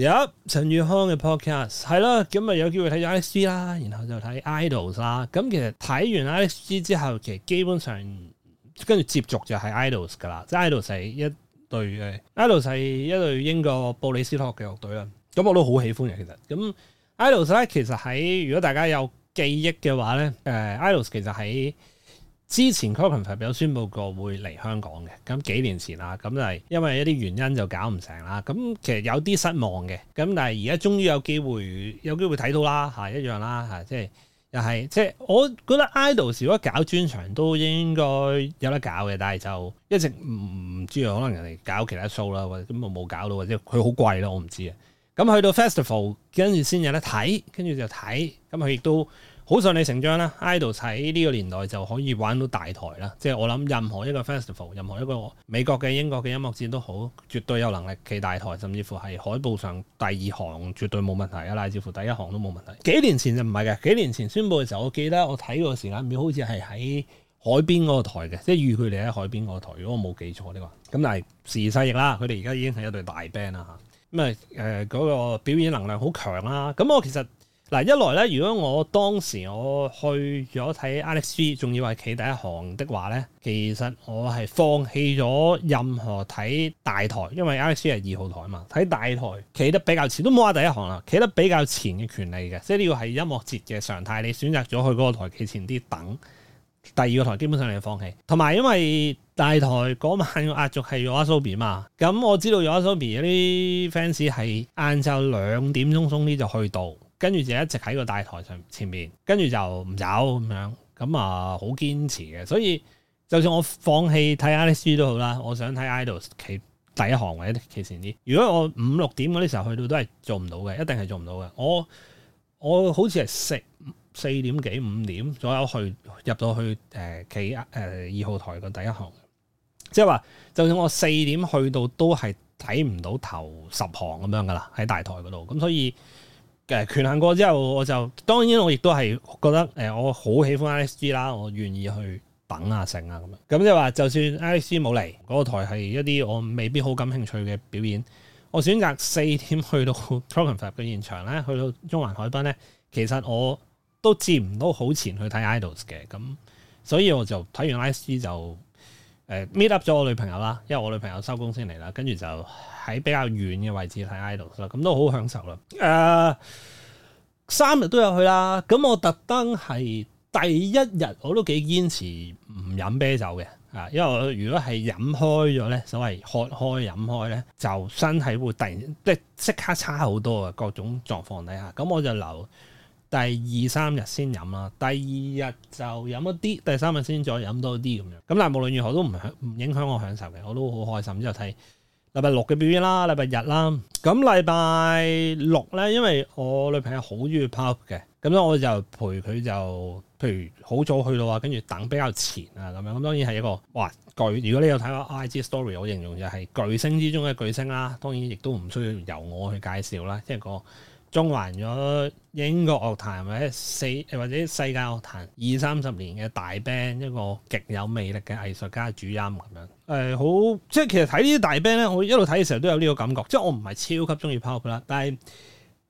有、yep, 陳宇康嘅 podcast，係咯，咁咪有機會睇到 XG 啦，然後就睇 Idols 啦。咁其實睇完 XG 之後，其實基本上跟住接續就係 Idols 噶啦。即係 Idols 係一隊嘅，Idols 係一隊英國布里斯托嘅樂隊啦。咁我都好喜歡嘅，其實。咁 Idols 咧，其實喺如果大家有記憶嘅話咧，誒、呃、Idols 其實喺。之前 Corbin 有宣佈過會嚟香港嘅，咁幾年前啦，咁就係因為一啲原因就搞唔成啦。咁其實有啲失望嘅，咁但係而家終於有機會，有機會睇到啦嚇，一樣啦嚇，即係又係即係我覺得 idol 如果搞專場都應該有得搞嘅，但係就一直唔唔知道，可能人哋搞其他 show 啦，或者根本冇搞到，或者佢好貴咯，我唔知啊。咁去到 festival 跟住先有得睇，跟住就睇，咁佢亦都。好順理成章啦！Idol 喺呢個年代就可以玩到大台啦，即係我諗，任何一個 festival，任何一個美國嘅、英國嘅音樂節都好，絕對有能力企大台，甚至乎係海報上第二行，絕對冇問題噶啦，甚至乎第一行都冇問題。幾年前就唔係嘅，幾年前宣佈嘅時候，我記得我睇個時間表，好似係喺海邊嗰個台嘅，即係預佢哋喺海邊嗰個台，如果我冇記錯呢個。咁但係時移世易啦，佢哋而家已經係一隊大 band 啦嚇，咁啊誒嗰個表演能力好強啦，咁我其實。嗱一來咧，如果我當時我去咗睇 Alex V，仲要係企第一行的話咧，其實我係放棄咗任何睇大台，因為 Alex V 係二號台嘛。睇大台企得比較前，都冇話第一行啦，企得比較前嘅權利嘅，即係你要係音樂節嘅常態，你選擇咗去嗰個台企前啲等第二個台，基本上你放棄。同埋因為大台嗰晚嘅壓軸係 Yoasobi 嘛，咁我知道 Yoasobi 有啲 fans 係晏晝兩點鐘鐘啲就去到。跟住就一直喺個大台上前面，跟住就唔走咁樣，咁啊好堅持嘅。所以就算我放棄睇 I C 都好啦，我想睇 Idols 企企第一行或者前啲。如果我五六點嗰啲時候去到都係做唔到嘅，一定係做唔到嘅。我我好似係四四點幾五點左右去入到去誒企誒二號台嘅第一行，即係話就算我四點去到都係睇唔到頭十行咁樣㗎喇，喺大台嗰度。咁所以。嘅權衡過之後，我就當然我亦都係覺得誒、呃，我好喜歡 I.G. 啦，我願意去等啊、剩啊咁樣。咁即係話，就算 I.G. 冇嚟嗰個台係一啲我未必好感興趣嘅表演，我選擇四點去到 Clockenflap 嘅現場咧，去到中環海濱咧，其實我都接唔到好前去睇 Idols 嘅，咁所以我就睇完 I.G. 就。誒、呃、meet up 咗我女朋友啦，因為我女朋友收工先嚟啦，跟住就喺比較遠嘅位置睇 idol 啦，咁都好享受啦。誒、呃、三日都有去啦，咁我特登係第一日我都幾堅持唔飲啤酒嘅，啊，因為我如果係飲開咗咧，所謂喝開飲開咧，就身體會突然即係即刻差好多啊，各種狀況底下，咁我就留。第二三日先飲啦，第二日就飲一啲，第三日先再飲多啲咁樣。咁但係無論如何都唔唔影響我享受嘅，我都好開心。之後睇禮拜六嘅表演啦，禮拜日啦。咁禮拜六咧，因為我女朋友好中意 pop 嘅，咁咧我就陪佢就，譬如好早去到啊，跟住等比較前啊咁樣。咁當然係一個哇巨！如果你有睇過我 IG story，我形容就係巨星之中嘅巨星啦。當然亦都唔需要由我去介紹啦，即係個。中環咗英國樂壇或者世或者世界樂壇二三十年嘅大 band 一個極有魅力嘅藝術家主音咁樣，誒、欸、好即係其實睇呢啲大 band 咧，我一路睇嘅時候都有呢個感覺，即係我唔係超級中意 pop 啦，但係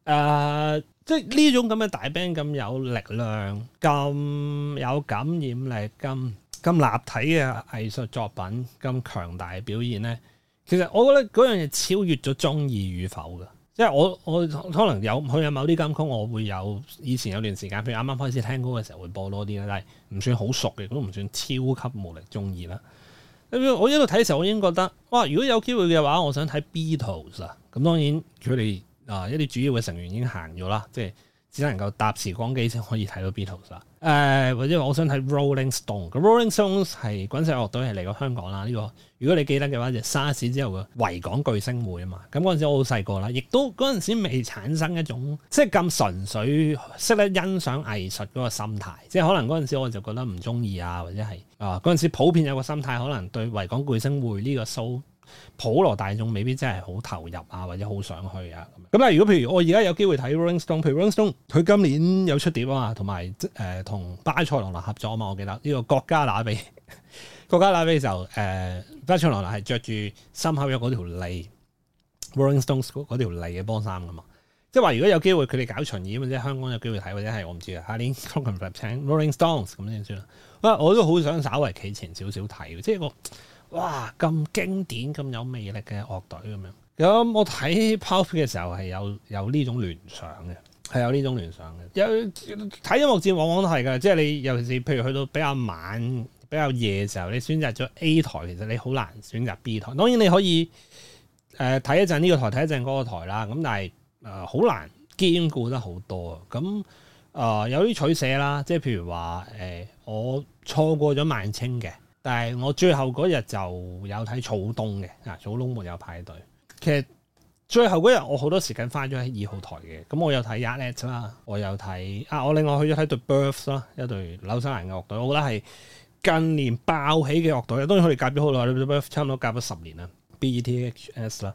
誒即係呢種咁嘅大 band 咁有力量、咁有感染力、咁咁立體嘅藝術作品、咁強大嘅表現咧，其實我覺得嗰樣嘢超越咗中意與否嘅。即係我我可能有佢有某啲金曲，我會有以前有段時間，譬如啱啱開始聽歌嘅時候會播多啲啦，但係唔算好熟嘅，都唔算超級冇力中意啦。我一路睇嘅時候，我已經覺得「哇，如果有機會嘅話，我想睇 Beatles 啊。」咁當然佢哋啊一啲主要嘅成員已經行咗啦，即係只能夠搭時光機先可以睇到 Beatles 啊。誒、呃、或者我想睇 Rolling Stone，Rolling Stones 係滾石樂隊係嚟過香港啦。呢、這個如果你記得嘅話，就沙士之後嘅維港巨星會嘛。咁嗰陣時我好細個啦，亦都嗰陣時未產生一種即係咁純粹識得欣賞藝術嗰個心態。即係可能嗰陣時我就覺得唔中意啊，或者係啊嗰陣時普遍有個心態，可能對維港巨星會呢個 show。普羅大眾未必真係好投入啊，或者好想去啊咁。咁啊，如果譬如我而家有機會睇 Rolling Stone，譬如 Rolling Stone 佢今年有出碟啊嘛，同埋誒同巴塞羅那合作啊嘛，我記得呢、這個國家打比國家打比，比就誒、呃、巴塞羅那係着住心口有嗰條脷 Rolling Stones 嗰條脷嘅波衫噶嘛。即係話如果有機會佢哋搞巡演或者香港有機會睇或者係我唔知啊，下年 come and clap 唱 Rolling Stones 咁樣算啦。啊，我都好想稍微企前少少睇即係我。哇！咁經典、咁有魅力嘅樂隊咁樣，咁、嗯、我睇 Pulp 嘅時候係有有呢種聯想嘅，係有呢種聯想嘅。有睇音樂節往往都係㗎，即係你尤其是譬如去到比較晚、比較夜嘅時候，你選擇咗 A 台，其實你好難選擇 B 台。當然你可以誒睇、呃、一陣呢個台，睇一陣嗰個台啦。咁但係誒好難兼顧得好多咁誒、呃、有啲取捨啦，即係譬如話誒、呃、我錯過咗萬青嘅。但係我最後嗰日就有睇草東嘅，啊草東沒有派對。其實最後嗰日我好多時間翻咗喺二號台嘅，咁我有睇 Yard Act 啦，我有睇啊，我另外去咗睇 The Beths 啦，一隊紐西蘭嘅樂隊，我覺得係近年爆起嘅樂隊。當然佢哋夾咗好耐，你差唔多夾咗十年啦。B E T H S 啦，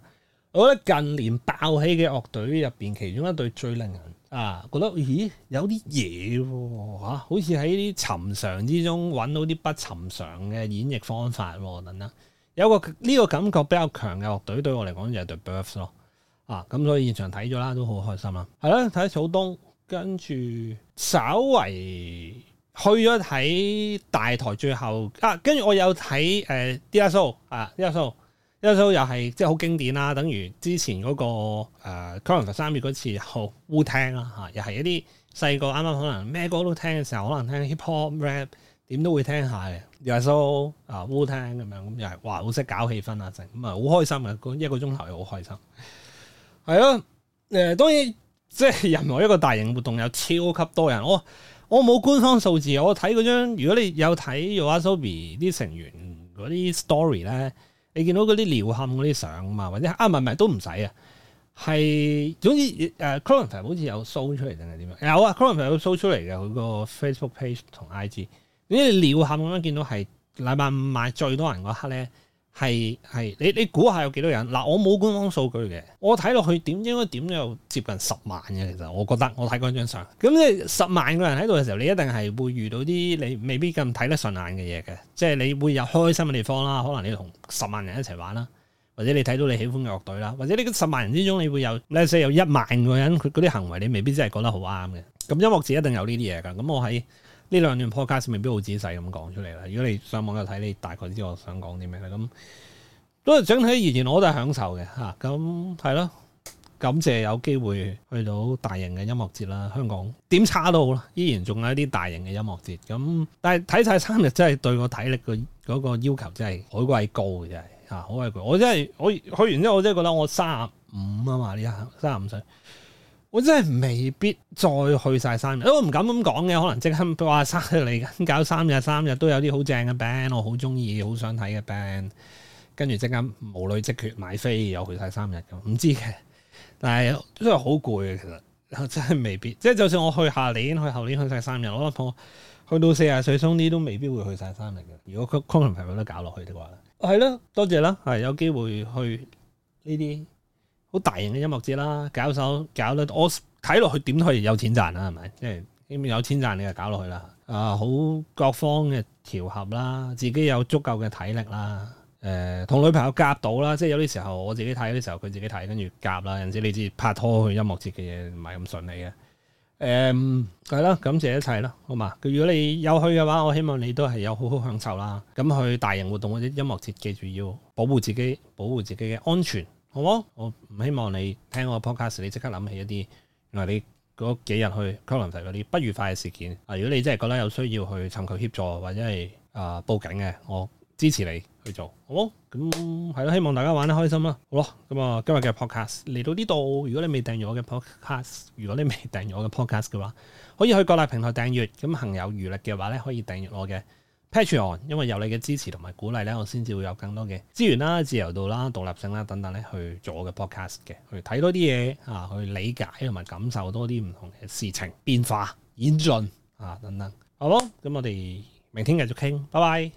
我覺得近年爆起嘅樂隊入邊，其中一隊最令人。啊，覺得咦有啲嘢喎好似喺啲尋常之中揾到啲不尋常嘅演繹方法喎、啊，等等，有個呢、呢個感覺比較強嘅樂隊對我嚟講就係 The Births 咯、啊，啊咁所以現場睇咗啦，都好開心啦、啊，係、啊、咯，睇草東，跟住稍微去咗睇大台最後啊，跟住我有睇誒 DASO 啊 DASO 耶穌又係即係好經典啦，等於之前嗰、那個誒、呃哦、可能十三月嗰次好烏聽啦吓，又係一啲細個啱啱可能咩歌都聽嘅時候，可能聽 hip hop rap 點都會聽下嘅 So 啊烏聽咁樣咁又係哇好識搞氣氛啊整咁啊好開心嘅，一個鐘頭又好開心，係咯誒，當然即係任何一個大型活動有超級多人，我我冇官方數字，我睇嗰張如果你有睇 U2 SoBe 啲成員嗰啲 story 咧。你見到嗰啲撩喊嗰啲相嘛，或者啊唔係唔係都唔使啊，係總之誒 Clockenflap 好似有 show 出嚟定係點樣，有啊 Clockenflap 有 show 出嚟嘅，佢個 Facebook page 同 IG，啲撩喊咁樣見到係禮拜五買最多人嗰刻咧。係係，你你估下有幾多人？嗱、啊，我冇官方數據嘅，我睇落去點應該點都有接近十萬嘅。其實我覺得我睇過張相，咁即係十萬個人喺度嘅時候，你一定係會遇到啲你未必咁睇得順眼嘅嘢嘅。即係你會有開心嘅地方啦，可能你同十萬人一齊玩啦，或者你睇到你喜歡嘅樂隊啦，或者你十萬人之中，你會有你係有一萬個人佢嗰啲行為，你未必真係覺得好啱嘅。咁音樂節一定有呢啲嘢㗎。咁我喺。呢兩段 podcast 未必好仔細咁講出嚟啦，如果你上網又睇，你大概知我想講啲咩啦。咁都係整體而言，我都係享受嘅嚇。咁係咯，感謝有機會去到大型嘅音樂節啦。香港點差都好啦，依然仲有一啲大型嘅音樂節。咁、嗯、但係睇晒三日真係對個體力個嗰、嗰個要求真係好鬼高嘅，真係嚇好鬼高。我真係我去完之後，我真係覺得我三十五啊嘛，呢嚇三十五歲。我真係未必再去晒三日，我唔敢咁講嘅。可能即刻話三日嚟緊搞三日三日都有啲好正嘅 band，我好中意，好想睇嘅 band。跟住即刻無奈即決買飛，又去晒三日咁，唔知嘅。但係都係好攰嘅，其實真係未必。即係就算我去下年，去後年去晒三日，我諗去到四十歲，鬆啲都未必會去晒三日嘅。如果佢康琴朋友都搞落去嘅話咧，係咯、啊，多謝啦。係有機會去呢啲。好大型嘅音樂節啦，搞手搞得我睇落去點可以有錢賺啦，係咪？即係有錢賺你就搞落去啦。啊、呃，好各方嘅調合啦，自己有足夠嘅體力啦。誒、呃，同女朋友夾到啦，即係有啲時候我自己睇，有啲時候佢自己睇，跟住夾啦。人知你知拍拖去音樂節嘅嘢唔係咁順利嘅。誒、呃，係啦，感謝一切啦，好嘛？如果你有去嘅話，我希望你都係有好好享受啦。咁去大型活動或者音樂節，記住要保護自己，保護自己嘅安全。好，我唔希望你聽我嘅 podcast，你即刻諗起一啲原來你嗰幾日去 c o r n o r 嗰啲不愉快嘅事件啊。如果你真係覺得有需要去尋求協助或者係啊、呃、報警嘅，我支持你去做，好唔好？咁係咯，希望大家玩得開心啦。好咯，咁、嗯、啊，今日嘅 podcast 嚟到呢度，如果你未訂閱我嘅 podcast，如果你未訂閱我嘅 podcast 嘅話，可以去各大平台訂閲。咁行有餘力嘅話咧，可以訂閲我嘅 Patron，因為有你嘅支持同埋鼓勵咧，我先至會有更多嘅資源啦、自由度啦、獨立性啦等等咧，去做我嘅 podcast 嘅，去睇多啲嘢啊，去理解同埋感受多啲唔同嘅事情變化演進啊等等，好囉，咁我哋明天繼續傾，拜拜。